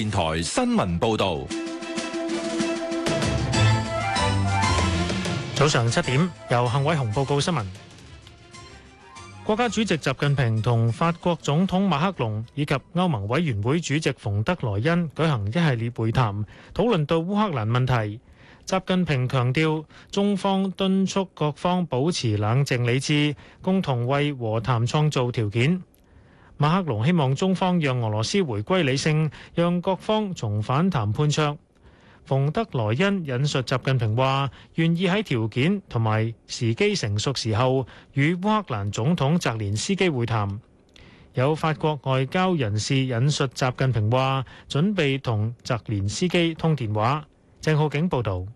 電台新聞報道，早上七點由幸偉雄報告新聞。國家主席習近平同法國總統馬克龍以及歐盟委員會主席馮德萊恩舉行一系列會談，討論到烏克蘭問題。習近平強調，中方敦促各方保持冷靜理智，共同為和談創造條件。馬克龍希望中方讓俄羅斯回歸理性，讓各方重返談判桌。馮德萊恩引述習近平話，願意喺條件同埋時機成熟時候與烏克蘭總統澤連斯基會談。有法國外交人士引述習近平話，準備同澤連斯基通電話。鄭浩景報導。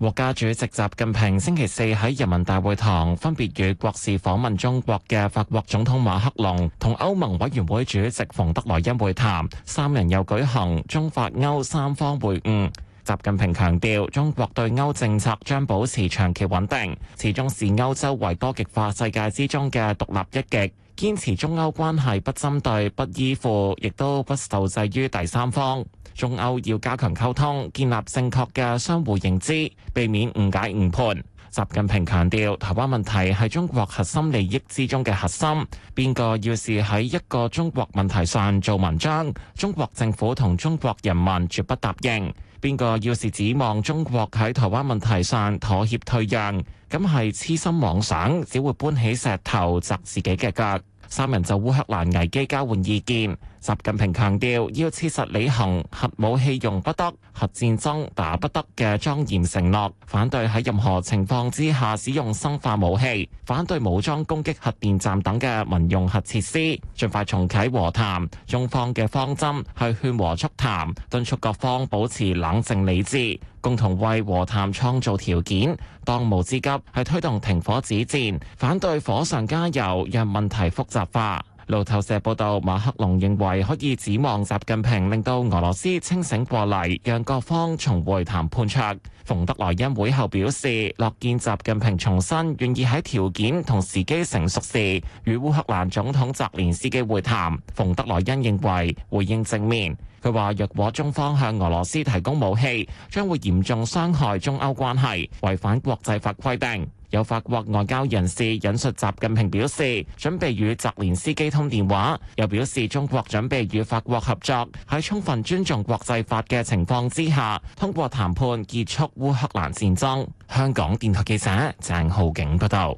國家主席習近平星期四喺人民大會堂分別與國事訪問中國嘅法國總統馬克龍同歐盟委員會主席馮德萊恩會談，三人又舉行中法歐三方會晤。習近平強調，中國對歐政策將保持長期穩定，始終視歐洲為多極化世界之中嘅獨立一極，堅持中歐關係不針對、不依附，亦都不受制於第三方。中歐要加強溝通，建立正確嘅相互認知，避免誤解誤判。習近平強調，台灣問題係中國核心利益之中嘅核心。邊個要是喺一個中國問題上做文章，中國政府同中國人民絕不答應。邊個要是指望中國喺台灣問題上妥協退讓，咁係痴心妄想，只會搬起石頭砸自己嘅腳。三人就烏克蘭危機交換意見。習近平強調要切實履行核武器用不得、核戰爭打不得嘅莊嚴承諾，反對喺任何情況之下使用生化武器，反對武裝攻擊核電站等嘅民用核設施，盡快重啟和談。中方嘅方針係勸和促談，敦促各方保持冷靜理智，共同為和談創造條件。當務之急係推動停火止戰，反對火上加油，讓問題複雜化。路透社報道，馬克龍認為可以指望習近平令到俄羅斯清醒過嚟，讓各方重回談判桌。馮德萊恩會後表示，樂見習近平重申願意喺條件同時機成熟時與烏克蘭總統澤連斯基會談。馮德萊恩認為回應正面，佢話若果中方向俄羅斯提供武器，將會嚴重傷害中歐關係，違反國際法規定。有法國外交人士引述習近平表示，準備與澤連斯基通電話，又表示中國準備與法國合作，喺充分尊重國際法嘅情況之下，通過談判結束烏克蘭戰爭。香港電台記者鄭浩景報道，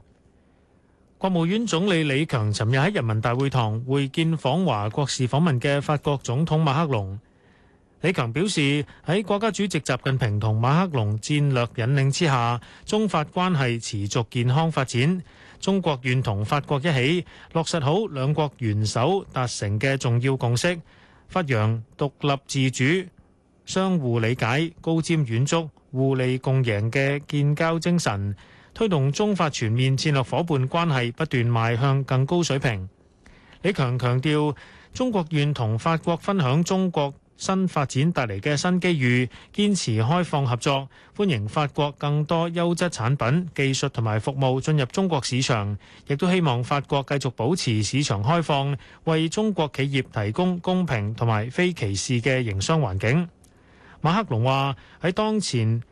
國務院總理李強尋日喺人民大會堂會見訪華國事訪問嘅法國總統馬克龍。李強表示，喺國家主席習近平同馬克龍戰略引領之下，中法關係持續健康發展。中國願同法國一起落實好兩國元首達成嘅重要共識，發揚獨立自主、相互理解、高瞻遠矚、互利共贏嘅建交精神，推動中法全面戰略伙伴關係不斷邁向更高水平。李強強調，中國願同法國分享中國。新發展帶嚟嘅新機遇，堅持開放合作，歡迎法國更多優質產品、技術同埋服務進入中國市場，亦都希望法國繼續保持市場開放，為中國企業提供公平同埋非歧視嘅營商環境。馬克龍話：喺當前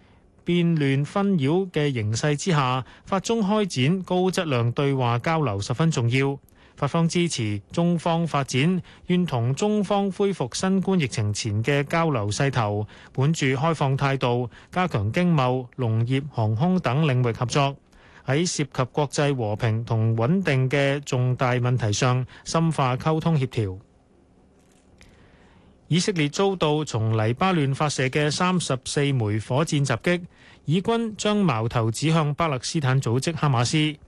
變亂紛擾嘅形勢之下，法中開展高質量對話交流十分重要。法方支持中方發展，願同中方恢復新冠疫情前嘅交流勢頭，本住開放態度，加強經貿、農業、航空等領域合作。喺涉及國際和平同穩定嘅重大問題上，深化溝通協調。以色列遭到從黎巴嫩發射嘅三十四枚火箭襲擊，以軍將矛頭指向巴勒斯坦組織哈馬斯。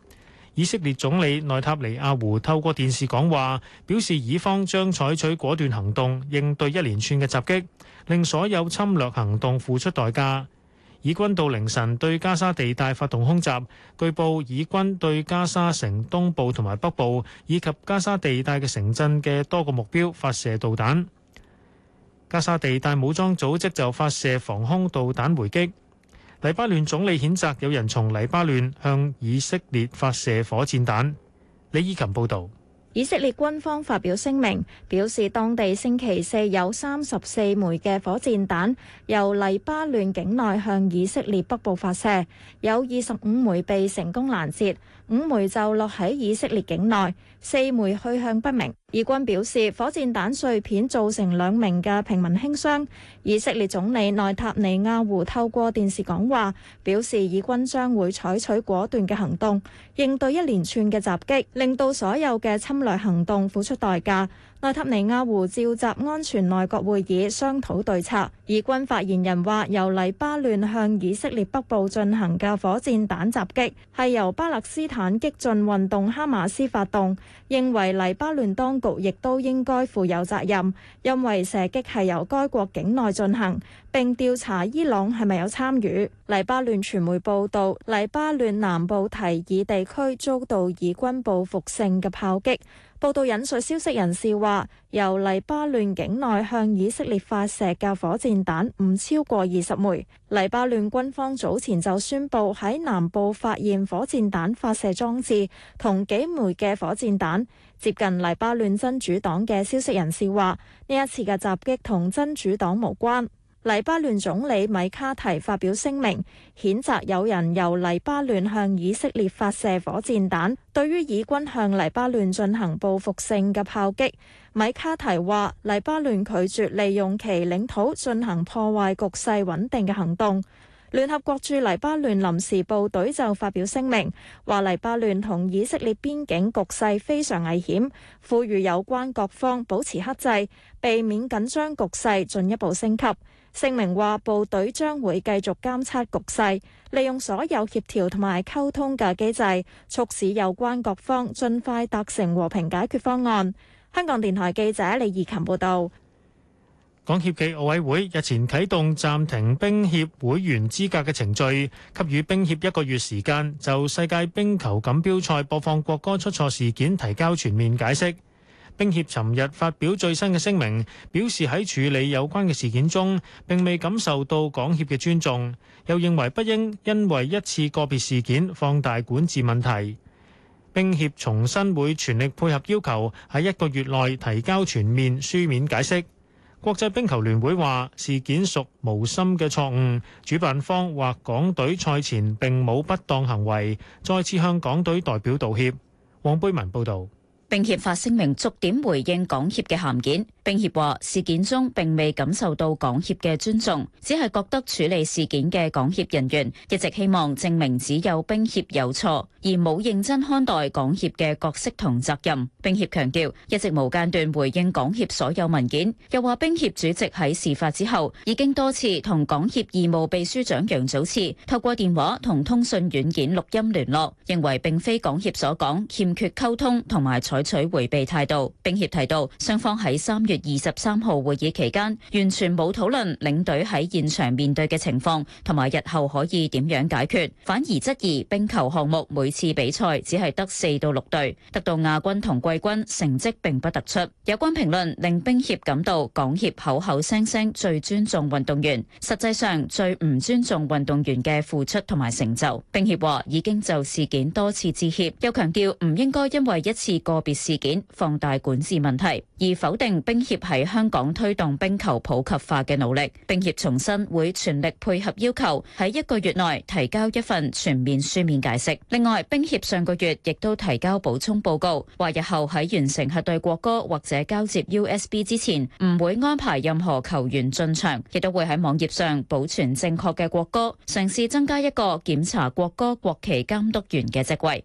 以色列總理內塔尼亞胡透過電視講話，表示以方將採取果斷行動應對一連串嘅襲擊，令所有侵略行動付出代價。以軍到凌晨對加沙地帶發動空襲，據報以軍對加沙城東部同埋北部以及加沙地帶嘅城鎮嘅多個目標發射導彈，加沙地帶武裝組織就發射防空導彈回擊。黎巴嫩總理譴責有人從黎巴嫩向以色列發射火箭彈。李以琴報導，以色列軍方發表聲明，表示當地星期四有三十四枚嘅火箭彈由黎巴嫩境內向以色列北部發射，有二十五枚被成功攔截。五枚就落喺以色列境內，四枚去向不明。以軍表示，火箭彈碎片造成兩名嘅平民輕傷。以色列總理內塔尼亞胡透過電視講話，表示以軍將會採取果斷嘅行動，應對一連串嘅襲擊，令到所有嘅侵略行動付出代價。內塔尼亞胡召集安全內閣會議商討對策。以軍發言人話，由黎巴嫩向以色列北部進行嘅火箭彈襲擊，係由巴勒斯坦激進運動哈馬斯發動，認為黎巴嫩當局亦都應該負有責任，因為射擊係由該國境內進行，並調查伊朗係咪有參與。黎巴嫩傳媒報道，黎巴嫩南部提爾地區遭到以軍報復性嘅炮擊。報道引述消息人士話，由黎巴嫩境內向以色列發射嘅火箭彈唔超過二十枚。黎巴嫩軍方早前就宣布喺南部發現火箭彈發射裝置同幾枚嘅火箭彈。接近黎巴嫩真主黨嘅消息人士話，呢一次嘅襲擊同真主黨無關。黎巴嫩總理米卡提發表聲明，譴責有人由黎巴嫩向以色列發射火箭彈。對於以軍向黎巴嫩進行報復性嘅炮擊，米卡提話：黎巴嫩拒絕利用其領土進行破壞局勢穩定嘅行動。聯合國駐黎巴嫩臨時部隊就發表聲明，話黎巴嫩同以色列邊境局勢非常危險，呼籲有關各方保持克制，避免緊張局勢進一步升級。聲明話，部隊將會繼續監測局勢，利用所有協調同埋溝通嘅機制，促使有關各方盡快達成和平解決方案。香港電台記者李義琴報道。港協暨奧委會日前啟動暫停冰協會員資格嘅程序，給予冰協一個月時間就世界冰球錦標賽播放國歌出錯事件提交全面解釋。冰協尋日發表最新嘅聲明，表示喺處理有關嘅事件中，並未感受到港協嘅尊重，又認為不應因為一次個別事件放大管治問題。冰協重申會全力配合要求，喺一個月內提交全面書面解釋。國際冰球聯會話事件屬無心嘅錯誤，主辦方或港隊賽前並冇不當行為，再次向港隊代表道歉。黃貝文報導。並揭發聲明，逐點回應港協嘅函件。冰協話：事件中並未感受到港協嘅尊重，只係覺得處理事件嘅港協人員一直希望證明只有冰協有錯，而冇認真看待港協嘅角色同責任。冰協強調一直無間斷回應港協所有文件，又話冰協主席喺事發之後已經多次同港協義務秘書長楊祖慈透過電話同通訊軟件錄音聯絡，認為並非港協所講欠缺溝通同埋採取迴避態度。冰協提到雙方喺三月。月二十三號會議期間，完全冇討論領隊喺現場面對嘅情況，同埋日後可以點樣解決，反而質疑冰球項目每次比賽只係得四到六隊，得到亞軍同季軍成績並不突出。有關評論令冰協感到港協口口聲聲最尊重運動員，實際上最唔尊重運動員嘅付出同埋成就。冰協話已經就事件多次致歉，又強調唔應該因為一次個別事件放大管治問題，而否定冰。協喺香港推動冰球普及化嘅努力，冰協重申會全力配合要求，喺一個月內提交一份全面書面解釋。另外，冰協上個月亦都提交補充報告，話日後喺完成核對國歌或者交接 USB 之前，唔會安排任何球員進場，亦都會喺網頁上保存正確嘅國歌，嘗試增加一個檢查國歌國旗監督員嘅職位。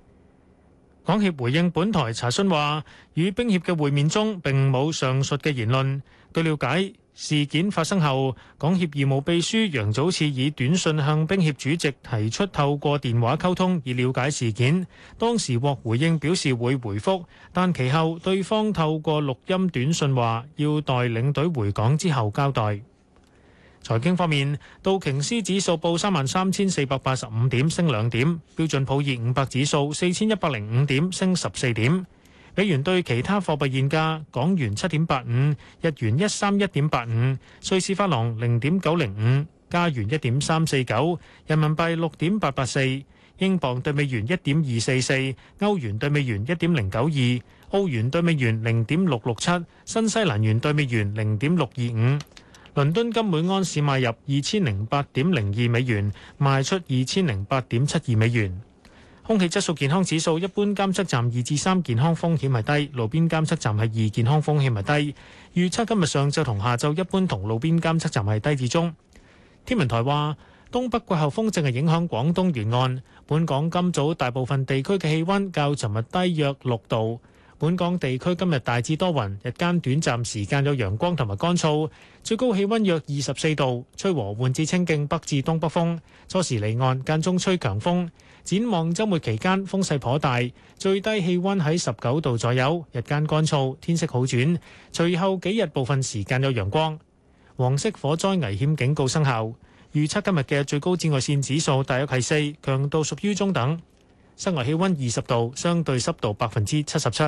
港協回應本台查詢話，與冰協嘅會面中並冇上述嘅言論。據了解，事件發生後，港協義務秘書楊祖賜以短信向冰協主席提出透過電話溝通以了解事件。當時獲回應表示會回覆，但其後對方透過錄音短信話要待領隊回港之後交代。財經方面，道瓊斯指數報三萬三千四百八十五點，升兩點；標準普爾五百指數四千一百零五點，升十四點。美元對其他貨幣現價：港元七點八五，日元一三一點八五，瑞士法郎零點九零五，加元一點三四九，人民幣六點八八四，英鎊對美元一點二四四，歐元對美元一點零九二，澳元對美元零點六六七，新西蘭元對美元零點六二五。倫敦金每盎司買入二千零八點零二美元，賣出二千零八點七二美元。空氣質素健康指數一般監測站二至三，健康風險係低；路邊監測站係二，健康風險係低。預測今日上晝同下晝一般同路邊監測站係低至中。天文台話，東北季候風正係影響廣東沿岸，本港今早大部分地區嘅氣温較尋日低約六度。本港地區今日大致多雲，日間短暫時間有陽光同埋乾燥，最高氣温約二十四度，吹和緩至清勁北至東北風，初時離岸，間中吹強風。展望周末期間風勢頗大，最低氣温喺十九度左右，日間乾燥，天色好轉。隨後幾日部分時間有陽光。黃色火災危險警告生效。預測今日嘅最高紫外綫指數大約係四，強度屬於中等。室外氣温二十度，相對濕度百分之七十七。